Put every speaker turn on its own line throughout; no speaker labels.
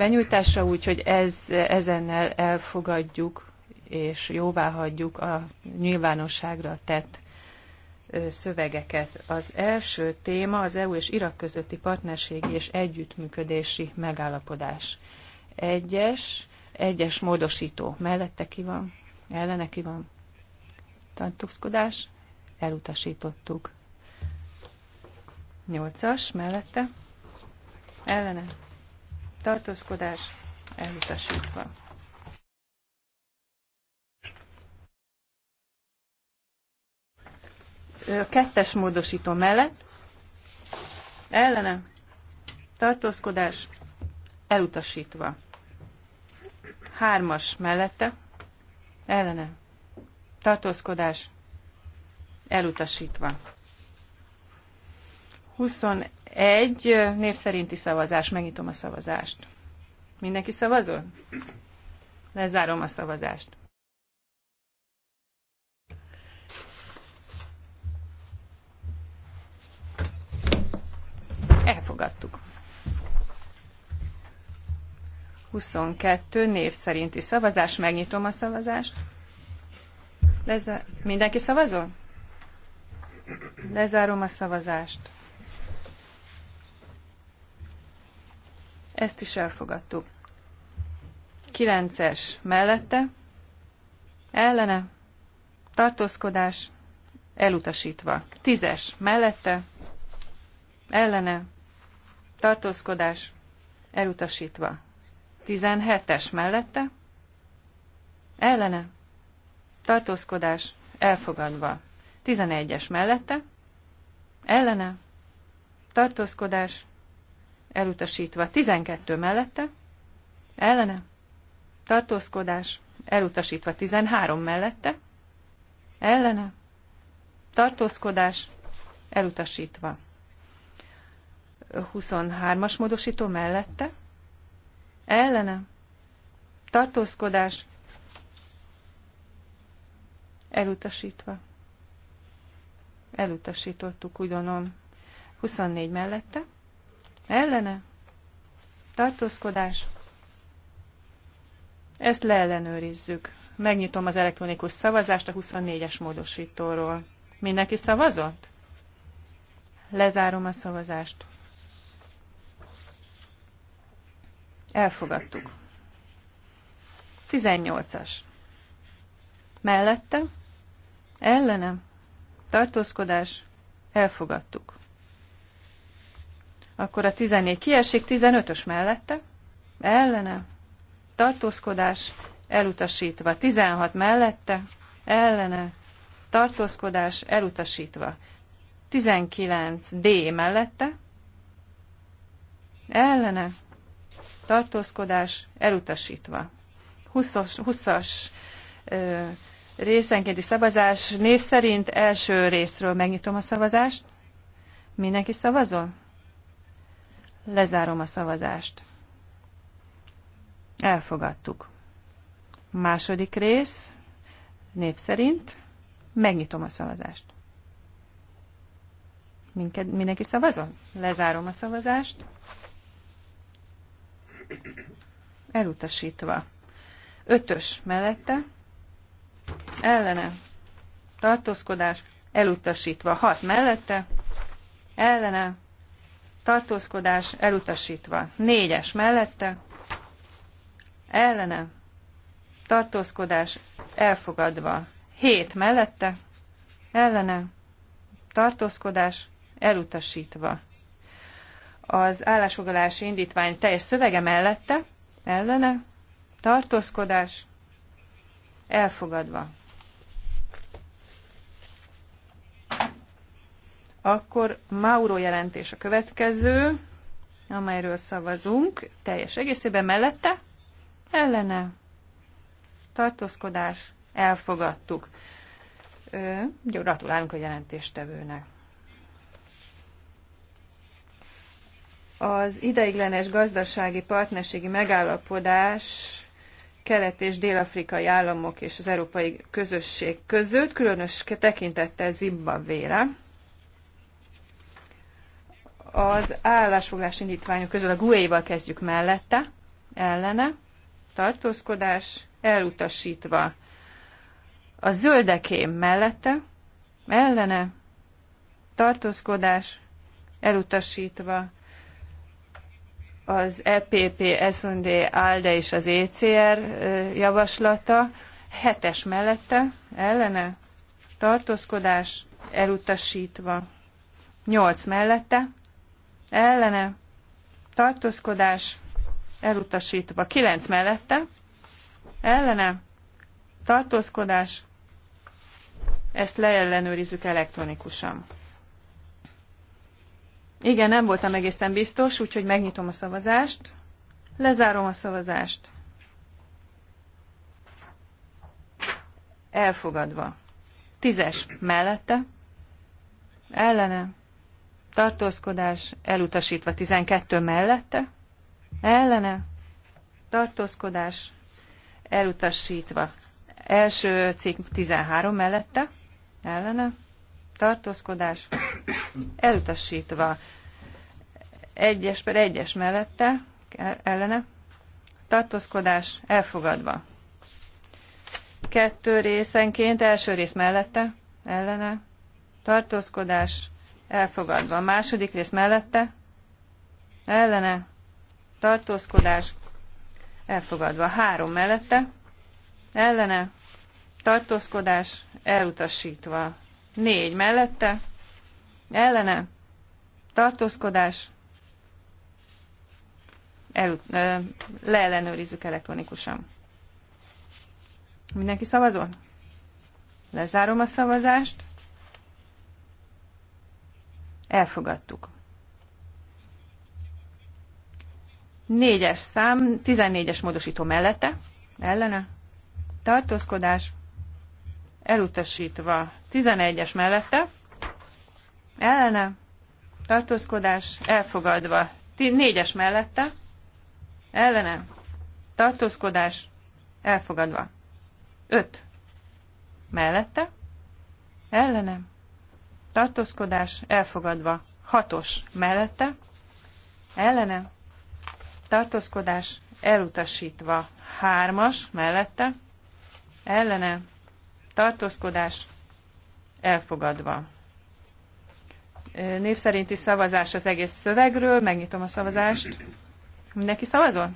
benyújtásra, úgyhogy ez, ezennel elfogadjuk és jóvá hagyjuk a nyilvánosságra tett szövegeket. Az első téma az EU és Irak közötti partnerségi és együttműködési megállapodás. Egyes, egyes módosító. Mellette ki van? Ellene ki van? Tartózkodás? Elutasítottuk. Nyolcas mellette? Ellene? tartózkodás elutasítva. Kettes módosító mellett ellene tartózkodás elutasítva. Hármas mellette ellene tartózkodás elutasítva. 21 egy név szerinti szavazás. Megnyitom a szavazást. Mindenki szavazol? Lezárom a szavazást. Elfogadtuk. 22 név szerinti szavazás. Megnyitom a szavazást. Lezá- Mindenki szavazol? Lezárom a szavazást. Ezt is elfogadtuk. 9-es mellette, ellene, tartózkodás, elutasítva. 10-es mellette, ellene, tartózkodás, elutasítva. 17-es mellette, ellene, tartózkodás, elfogadva. 11-es mellette, ellene, tartózkodás, elutasítva. 12 mellette, ellene, tartózkodás, elutasítva. 13 mellette, ellene, tartózkodás, elutasítva. 23-as módosító mellette, ellene, tartózkodás, elutasítva. Elutasítottuk, úgy gondolom. 24 mellette, ellene, tartózkodás, ezt leellenőrizzük. Megnyitom az elektronikus szavazást a 24-es módosítóról. Mindenki szavazott? Lezárom a szavazást. Elfogadtuk. 18-as. Mellette? Ellenem? Tartózkodás? Elfogadtuk. Akkor a 14 kiesik, 15-ös mellette, ellene, tartózkodás, elutasítva. 16 mellette, ellene, tartózkodás, elutasítva. 19 D mellette, ellene, tartózkodás, elutasítva. 20-as, 20-as ö, részenkénti szavazás név szerint első részről megnyitom a szavazást. Mindenki szavazol? Lezárom a szavazást. Elfogadtuk. Második rész, név szerint, megnyitom a szavazást. Minked, mindenki szavazon? Lezárom a szavazást. Elutasítva. Ötös mellette, ellene, tartózkodás, elutasítva. Hat mellette, ellene, tartózkodás elutasítva. Négyes mellette, ellene, tartózkodás elfogadva. Hét mellette, ellene, tartózkodás elutasítva. Az állásfoglalási indítvány teljes szövege mellette, ellene, tartózkodás elfogadva. Akkor Mauro jelentés a következő, amelyről szavazunk, teljes egészében mellette, ellene, tartózkodás, elfogadtuk. Ö, gratulálunk a jelentéstevőnek. Az ideiglenes gazdasági partnerségi megállapodás kelet- és dél-afrikai államok és az európai közösség között, különös tekintettel Zimbabvére. Az állásfoglás indítványok közül a GUE-val kezdjük mellette, ellene, tartózkodás, elutasítva. A zöldeké mellette, ellene, tartózkodás, elutasítva. Az EPP, SND, ALDE és az ECR javaslata, hetes mellette, ellene, tartózkodás, elutasítva. Nyolc mellette, ellene tartózkodás elutasítva. 9 mellette ellene tartózkodás ezt leellenőrizzük elektronikusan. Igen, nem voltam egészen biztos, úgyhogy megnyitom a szavazást. Lezárom a szavazást. Elfogadva. Tízes mellette. Ellene tartózkodás elutasítva 12 mellette, ellene, tartózkodás elutasítva első cikk 13 mellette, ellene, tartózkodás elutasítva egyes per egyes mellette, ellene, tartózkodás elfogadva. Kettő részenként, első rész mellette, ellene, tartózkodás elfogadva. A második rész mellette, ellene, tartózkodás, elfogadva. Három mellette, ellene, tartózkodás, elutasítva. Négy mellette, ellene, tartózkodás, el, ö, leellenőrizzük elektronikusan. Mindenki szavazol? Lezárom a szavazást. Elfogadtuk. Négyes szám, 14-es módosító mellette, ellene, tartózkodás, elutasítva, 11-es mellette, ellene, tartózkodás, elfogadva, 4-es mellette, ellene, tartózkodás, elfogadva, 5 mellette, ellene, tartózkodás elfogadva. Hatos mellette, ellene, tartózkodás elutasítva. Hármas mellette, ellene, tartózkodás elfogadva. Név szerinti szavazás az egész szövegről. Megnyitom a szavazást. Mindenki szavazol?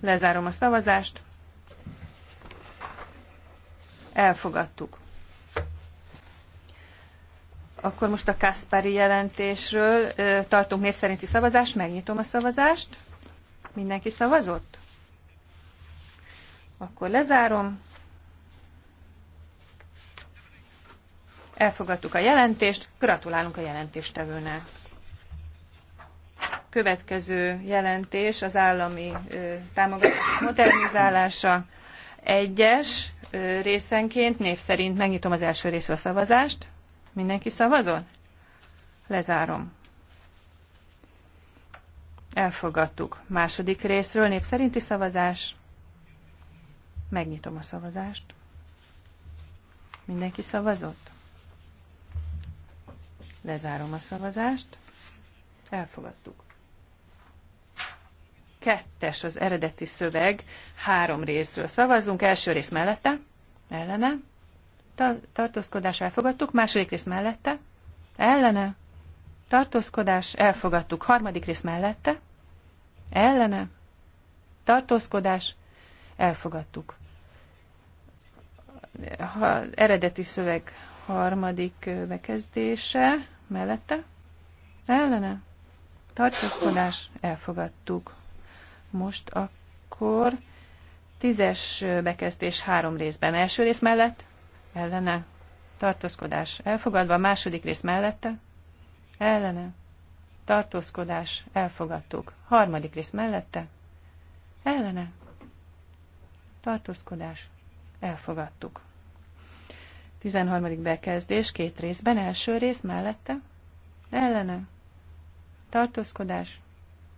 Lezárom a szavazást. Elfogadtuk. Akkor most a Kaspari jelentésről tartunk név szerinti szavazást, megnyitom a szavazást. Mindenki szavazott? Akkor lezárom. Elfogadtuk a jelentést, gratulálunk a jelentéstevőnek. Következő jelentés az állami ö, támogatás modernizálása. Egyes ö, részenként, név szerint megnyitom az első részre a szavazást. Mindenki szavazott? Lezárom. Elfogadtuk. Második részről népszerinti szavazás. Megnyitom a szavazást. Mindenki szavazott? Lezárom a szavazást. Elfogadtuk. Kettes az eredeti szöveg. Három részről szavazunk. Első rész mellette. Ellene tartózkodás elfogadtuk, második rész mellette, ellene, tartózkodás elfogadtuk, harmadik rész mellette, ellene, tartózkodás elfogadtuk. Ha, eredeti szöveg harmadik bekezdése mellette, ellene, tartózkodás elfogadtuk. Most akkor tízes bekezdés három részben. Első rész mellett ellene, tartózkodás elfogadva, a második rész mellette, ellene, tartózkodás elfogadtuk, harmadik rész mellette, ellene, tartózkodás elfogadtuk. 13. bekezdés két részben, első rész mellette, ellene, tartózkodás,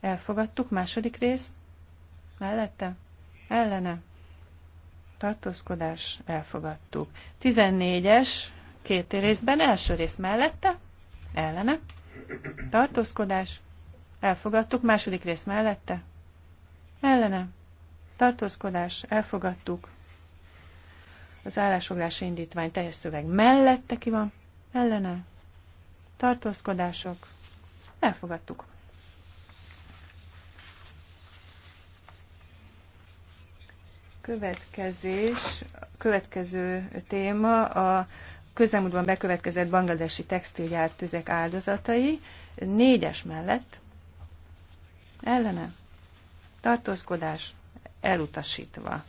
elfogadtuk, második rész, mellette, ellene, tartózkodás, elfogadtuk. 14-es, két részben, első rész mellette, ellene, tartózkodás, elfogadtuk, második rész mellette, ellene, tartózkodás, elfogadtuk. Az állásfoglási indítvány teljes szöveg mellette ki van, ellene, tartózkodások, elfogadtuk. Következés, következő téma a közelmúltban bekövetkezett bangladesi textilgyár tüzek áldozatai. Négyes mellett ellene tartózkodás elutasítva.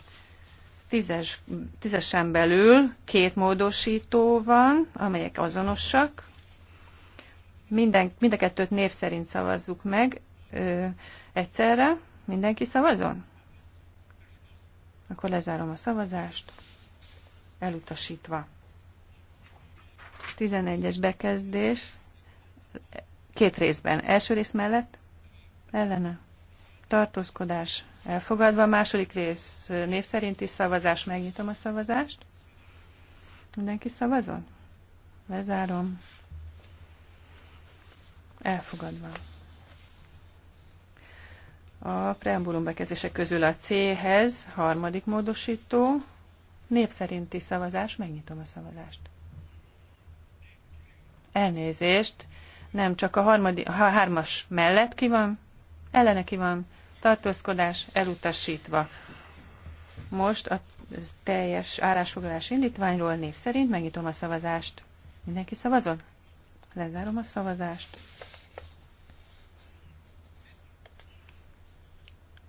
Tízes, tízesen belül két módosító van, amelyek azonosak. Minden, mind a kettőt név szerint szavazzuk meg ö, egyszerre. Mindenki szavazon? Akkor lezárom a szavazást. Elutasítva. 11-es bekezdés. Két részben. Első rész mellett? Ellene. Tartózkodás elfogadva. Második rész név szerinti szavazás. Megnyitom a szavazást. Mindenki szavazon? Lezárom. Elfogadva. A preambulum bekezdések közül a C-hez harmadik módosító, név szerinti szavazás, megnyitom a szavazást. Elnézést, nem csak a, harmadik, a hármas mellett ki van, ellene ki van, tartózkodás elutasítva. Most a teljes árásfoglalás indítványról név szerint megnyitom a szavazást. Mindenki szavazott? Lezárom a szavazást.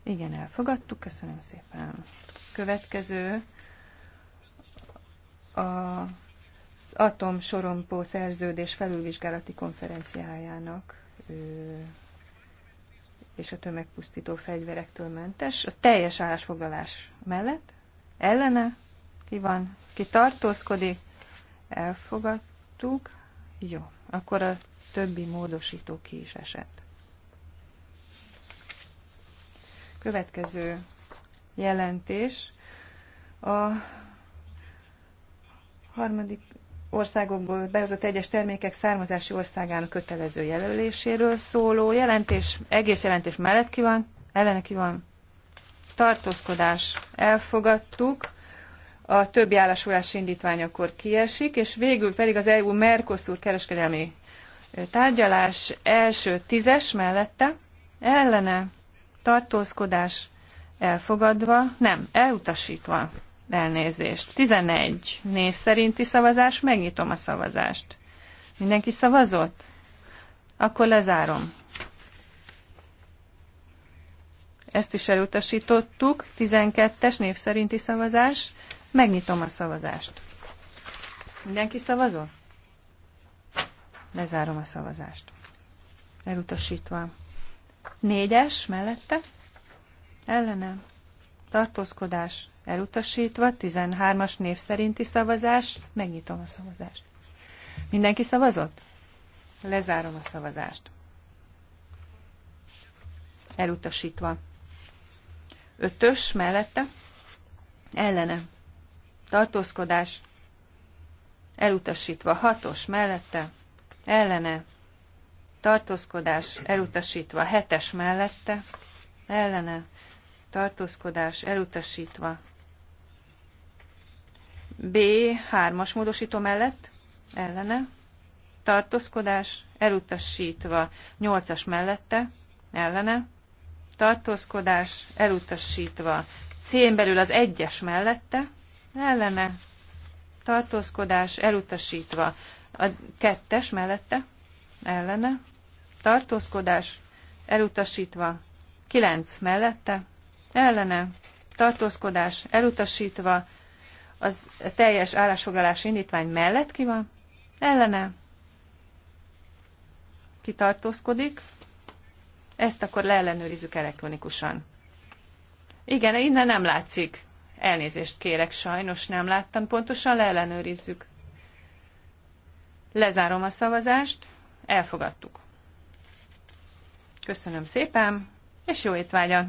Igen, elfogadtuk, köszönöm szépen. Következő a, az Atom Sorompó Szerződés felülvizsgálati konferenciájának ö, és a tömegpusztító fegyverektől mentes. A teljes állásfoglalás mellett ellene ki van, ki tartózkodik, elfogadtuk. Jó, akkor a többi módosító ki is esett. Következő jelentés a harmadik országokból behozott egyes termékek származási országának kötelező jelöléséről szóló jelentés, egész jelentés mellett ki van, ellene ki van tartózkodás elfogadtuk, a többi állásolás akkor kiesik, és végül pedig az EU Mercosur kereskedelmi tárgyalás első tízes mellette ellene tartózkodás elfogadva, nem, elutasítva elnézést. 11 név szerinti szavazás, megnyitom a szavazást. Mindenki szavazott? Akkor lezárom. Ezt is elutasítottuk. 12-es név szerinti szavazás. Megnyitom a szavazást. Mindenki szavazott? Lezárom a szavazást. Elutasítva. Négyes mellette ellene tartózkodás elutasítva, 13-as név szerinti szavazás, megnyitom a szavazást. Mindenki szavazott? Lezárom a szavazást. Elutasítva. Ötös mellette ellene tartózkodás elutasítva, hatos mellette ellene tartózkodás elutasítva, hetes mellette, ellene, tartózkodás elutasítva. B. Hármas módosító mellett, ellene, tartózkodás elutasítva, nyolcas mellette, ellene, tartózkodás elutasítva, C-n belül az egyes mellette, ellene, tartózkodás elutasítva, a kettes mellette, ellene, tartózkodás elutasítva, 9 mellette, ellene, tartózkodás elutasítva, az teljes állásfoglalás indítvány mellett ki van, ellene, kitartózkodik, ezt akkor leellenőrizzük elektronikusan. Igen, innen nem látszik. Elnézést kérek, sajnos nem láttam. Pontosan leellenőrizzük. Lezárom a szavazást. Elfogadtuk. Köszönöm szépen, és jó étvágyat!